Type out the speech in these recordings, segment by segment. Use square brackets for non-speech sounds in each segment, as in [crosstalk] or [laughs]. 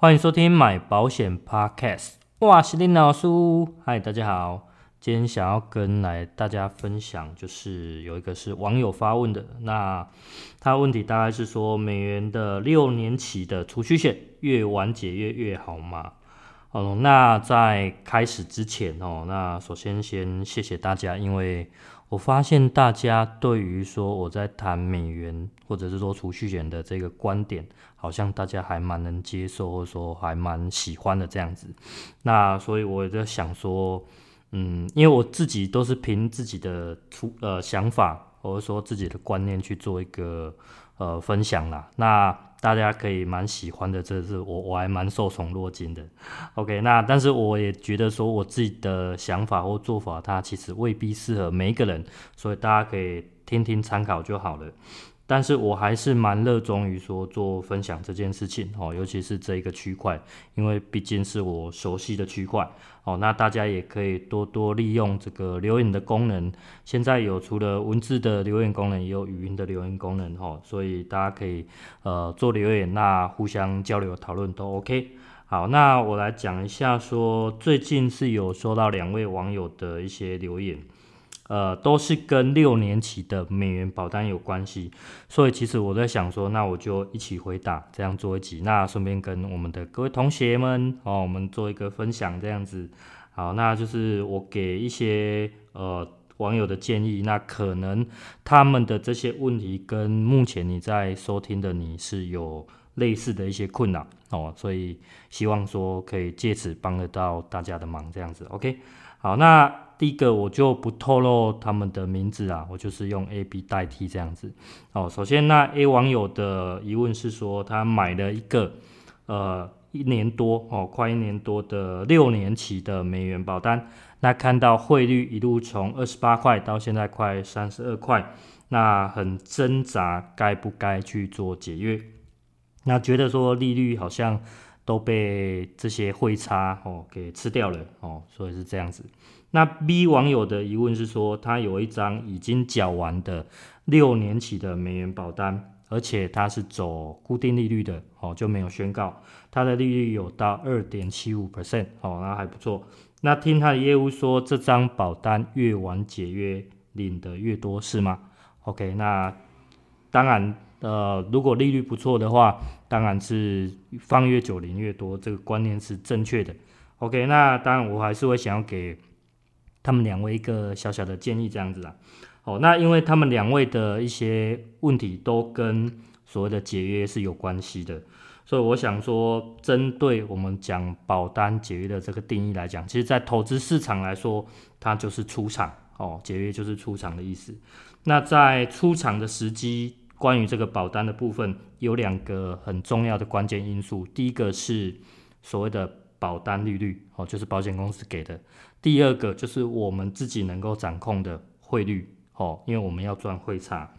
歡迎收聽買保險 Podcast，我，是林老師，嗨，大家好，今天想要跟來大家分享，就是有一個是網友發問的，那他問題大概是說，美元的六年期的儲蓄險越晚解約越好嗎？哦、嗯，那在開始之前哦，那首先先謝謝大家，因為。我發現大家對於說我在談美元或者是說儲蓄險的這個觀點，好像大家還蠻能接受，或者說還蠻喜歡的這樣子。那所以我在想說，嗯，因為我自己都是憑自己的出呃想法，或者說自己的觀念去做一個。呃，分享啦，那大家可以蠻喜歡的，這是我我還蠻受寵若驚的。OK，那但是我也覺得說我自己的想法或做法，它其實未必適合每一個人，所以大家可以聽聽參考就好了。但是我還是蠻熱衷於說做分享這件事情，尤其是這個區塊，因為畢竟是我熟悉的區塊，哦，那大家也可以多多利用這個留言的功能，現在有除了文字的留言功能，也有語音的留言功能，哦，所以大家可以呃做留言，那互相交流討論都 OK。好，那我來講一下說最近是有收到兩位網友的一些留言。呃，都是跟六年期的美元保單有關係，所以其實我在想說，那我就一起回答，這樣做一集，那順便跟我們的各位同學們哦，我們做一個分享這樣子，好，那就是我給一些呃網友的建議，那可能他們的這些問題跟目前你在收聽的你是有類似的一些困擾哦，所以希望說可以借此幫得到大家的忙這樣子，OK，好，那。第一個我就不透露他們的名字啊，我就是用 A、B 代替這樣子。哦，首先那 A 網友的疑問是說，他買了一個呃一年多哦，快一年多的六年期的美元保單，那看到匯率一路從二十八塊到現在快三十二塊，那很掙扎該不該去做解約？那覺得說利率好像。都被這些匯差哦給吃掉了哦，所以是這樣子。那 B 網友的疑問是說，他有一張已經繳完的六年期的美元保單，而且他是走固定利率的哦，就沒有宣告它的利率有到二點七五 percent 哦，那還不錯。那聽他的業務說，這張保單越晚解約領的越多是嗎？OK，那當然。呃，如果利率不錯的話，當然是放越久領越多，這個觀念是正確的。OK，那當然我還是會想要給他們兩位一個小小的建議，這樣子啦，哦，那因為他們兩位的一些問題都跟所謂的解約是有關係的，所以我想說，針對我們講保單解約的這個定義來講，其實，在投資市場來說，它就是出場哦，解約就是出場的意思。那在出場的時機。關於這個保單的部分，有兩個很重要的關鍵因素。第一個是所謂的保單利率，哦，就是保險公司給的；第二個就是我們自己能夠掌控的匯率，哦，因為我們要賺匯差。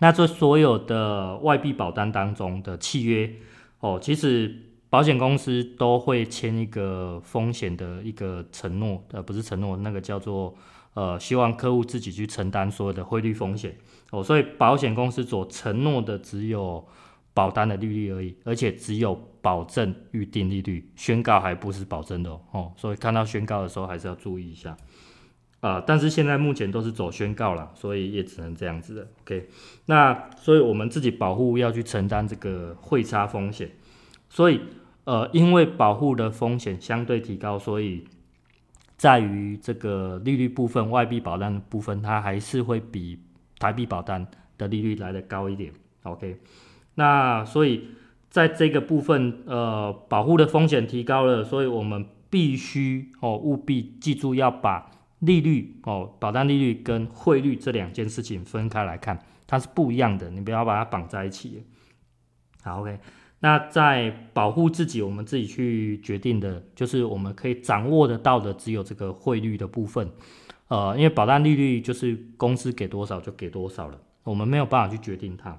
那這所有的外幣保單當中的契約，哦，其實保險公司都會簽一個風險的一個承諾，呃，不是承諾，那個叫做。呃，希望客戶自己去承擔所有的匯率風險哦，所以保險公司所承諾的只有保單的利率而已，而且只有保證預定利率，宣告還不是保證的哦，哦，所以看到宣告的時候還是要注意一下啊，呃。但是現在目前都是走宣告了，所以也只能這樣子了。OK，那所以我們自己保戶要去承擔這個匯差風險，所以呃，因為保戶的風險相對提高，所以。在於這個利率部分，外幣保單的部分，它還是會比台幣保單的利率來得高一點。OK，那所以在這個部分，呃，保護的風險提高了，所以我們必須哦，務必記住，要把利率哦，保單利率跟匯率這兩件事情分開來看，它是不一樣的，你不要把它綁在一起。好，OK。那在保戶自己，我們自己去決定的，就是我們可以掌握得到的只有這個匯率的部分。呃，因為保單利率就是公司給多少就給多少了，我們沒有辦法去決定它。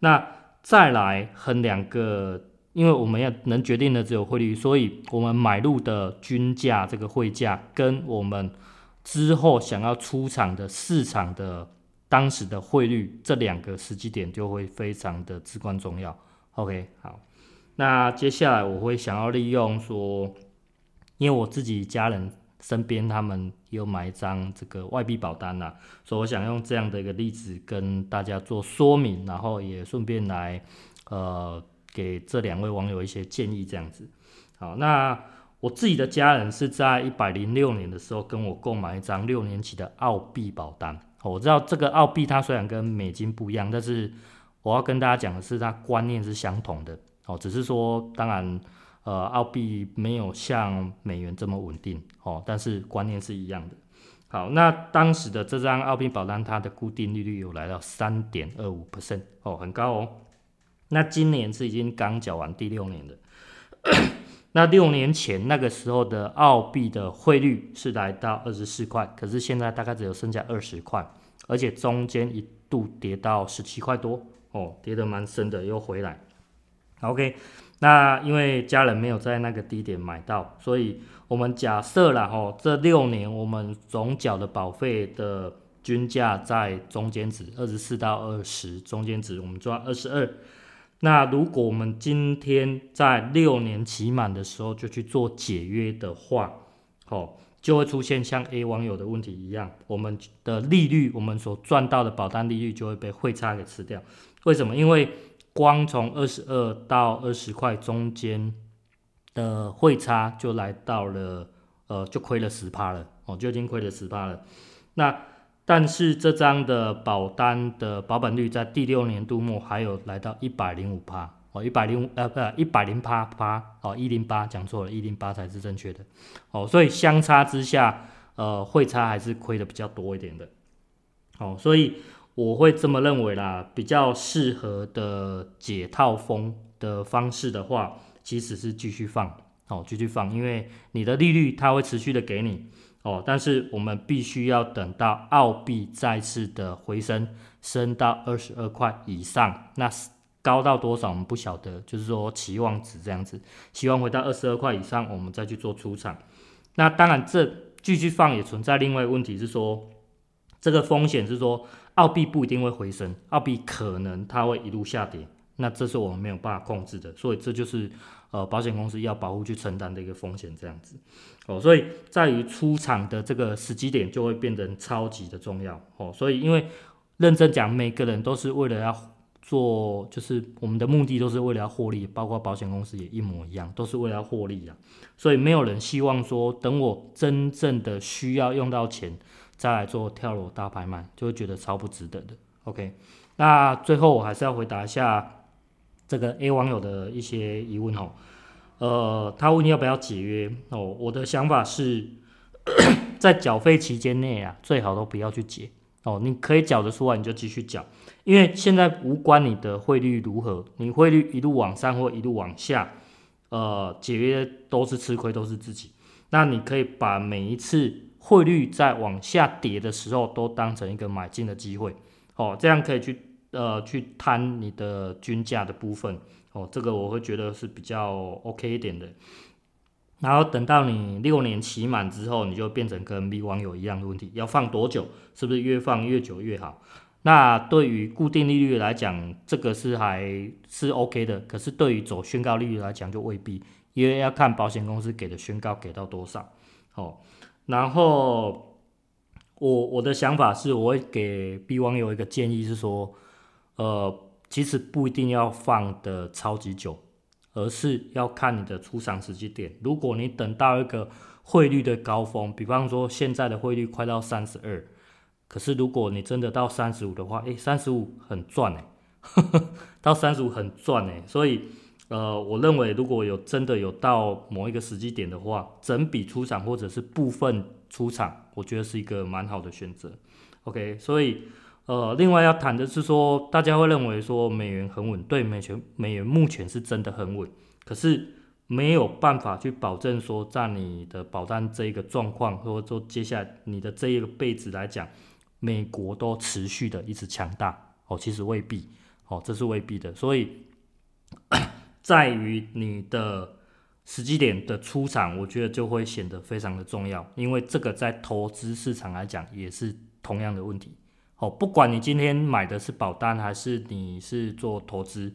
那再來衡量個，因為我們要能決定的只有匯率，所以我們買入的均價這個匯價跟我們之後想要出場的市場的當時的匯率，這兩個時機點就會非常的至關重要。OK，好，那接下來我會想要利用說，因為我自己家人身邊他們也有買一張這個外幣保單吶，所以我想用這樣的一個例子跟大家做說明，然後也順便來，呃，給這兩位網友一些建議這樣子。好，那我自己的家人是在一百零六年的時候跟我購買一張六年期的澳幣保單。我知道這個澳幣它雖然跟美金不一樣，但是我要跟大家講的是，它觀念是相同的哦，只是說，當然，呃，澳幣沒有像美元這麼穩定哦，但是觀念是一樣的。好，那當時的這張澳幣保單，它的固定利率有來到三點二五 percent 哦，很高哦。那今年是已經剛繳完第六年的， [coughs] 那六年前那個時候的澳幣的匯率是來到二十四塊，可是現在大概只有剩下二十塊，而且中間一度跌到十七塊多。哦，跌得蠻深的，又回來。OK，那因為家人沒有在那個低點買到，所以我們假設了哈，這六年我們總繳的保費的均價在中間值二十四到二十，中間值我們賺二十二。那如果我們今天在六年期滿的時候就去做解約的話，哦。就會出現像 A 網友的問題一樣，我們的利率，我們所賺到的保單利率就會被匯差給吃掉。為什麼？因為光從二十二到二十塊中間的匯差就來到了，呃，就虧了十趴了。哦，就已經虧了十趴了。那但是這張的保單的保本率在第六年度末還有來到一百零五趴。一百零五，呃不一百零八八，哦，一零八講錯了，一零八才是正確的哦，所以相差之下，呃匯差還是虧的比較多一點的，哦所以我會這麼認為啦，比較適合的解套風的方式的話，其實是繼續放哦繼續放，因為你的利率它會持續的給你哦，但是我們必須要等到澳幣再次的回升升到二十二塊以上，那是。高到多少我們不曉得，就是說期望值這樣子，期望回到二十二塊以上，我們再去做出場。那當然，這繼續放也存在另外一個問題是說，這個風險是說澳幣不一定會回升，澳幣可能它會一路下跌，那這是我們沒有辦法控制的，所以這就是呃保險公司要保戶去承擔的一個風險這樣子。哦，所以在於出場的這個時機點就會變得超級的重要。哦，所以因為認真講，每個人都是為了要。做，就是我們的目的都是為了要獲利，包括保險公司也一模一樣，都是為了要獲利的啊，所以沒有人希望說等我真正的需要用到錢再來做跳樓大拍賣，就會覺得超不值得的。OK，那最後我還是要回答一下這個 A 網友的一些疑問哦，呃，他問你要不要解約哦，我的想法是在繳費期間內啊，最好都不要去解。哦，你可以繳的出來，你就繼續繳。因為現在無關你的匯率如何，你匯率一路往上或一路往下，呃，解約都是吃虧，都是自己。那你可以把每一次匯率再往下跌的時候，都當成一個買進的機會，哦，這樣可以去呃去攤你的均價的部分，哦，這個我會覺得是比較 OK 一點的。然後等到你六年期滿之後，你就變成跟 B 網友一樣的問題，要放多久？是不是越放越久越好？那對於固定利率來講，這個是還是 OK 的。可是對於走宣告利率來講，就未必，因為要看保險公司給的宣告給到多少。哦。然後我我的想法是，我會給 B 網友一個建議，是說，呃，其實不一定要放的超級久。而是要看你的出場時機點。如果你等到一個匯率的高峰，比方說現在的匯率快到三十二，可是如果你真的到三十五的話，誒三十五很賺呵、欸、 [laughs] 到三十五很賺誒、欸。所以，呃，我認為如果有真的有到某一個時機點的話，整筆出場或者是部分出場，我覺得是一個蠻好的選擇。OK，所以。呃，另外要談的是說，大家會認為說美元很穩，對，美元美元目前是真的很穩，可是沒有辦法去保證說，在你的保單這個狀況，或者說接下來你的這一個輩子來講，美國都持續的一直強大哦，其實未必哦，這是未必的，所以 [coughs] 在於你的時機點的出場，我覺得就會顯得非常的重要，因為這個在投資市場來講也是同樣的問題。哦，不管你今天買的是保單，還是你是做投資，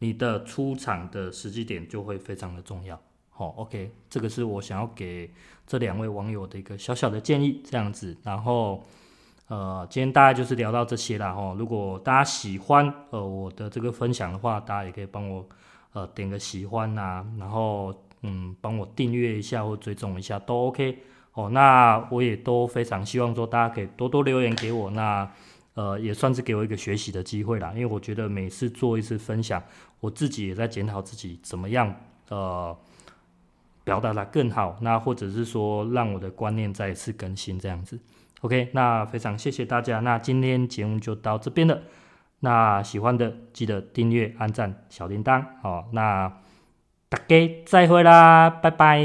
你的出場的時機點就會非常的重要。好、哦，OK，這個是我想要給這兩位網友的一個小小的建議，這樣子。然後，呃，今天大概就是聊到這些了哈、哦。如果大家喜歡呃我的這個分享的話，大家也可以幫我呃點個喜歡吶、啊，然後嗯幫我訂閱一下或追蹤一下都 OK。哦，那我也都非常希望說大家可以多多留言給我，那呃也算是給我一個學習的機會啦。因為我覺得每次做一次分享，我自己也在檢討自己怎麼樣呃表達得更好，那或者是說讓我的觀念再一次更新這樣子。OK，那非常謝謝大家，那今天節目就到這邊了。那喜歡的記得訂閱、按讚、小鈴鐺。哦，那大家再會啦，拜拜。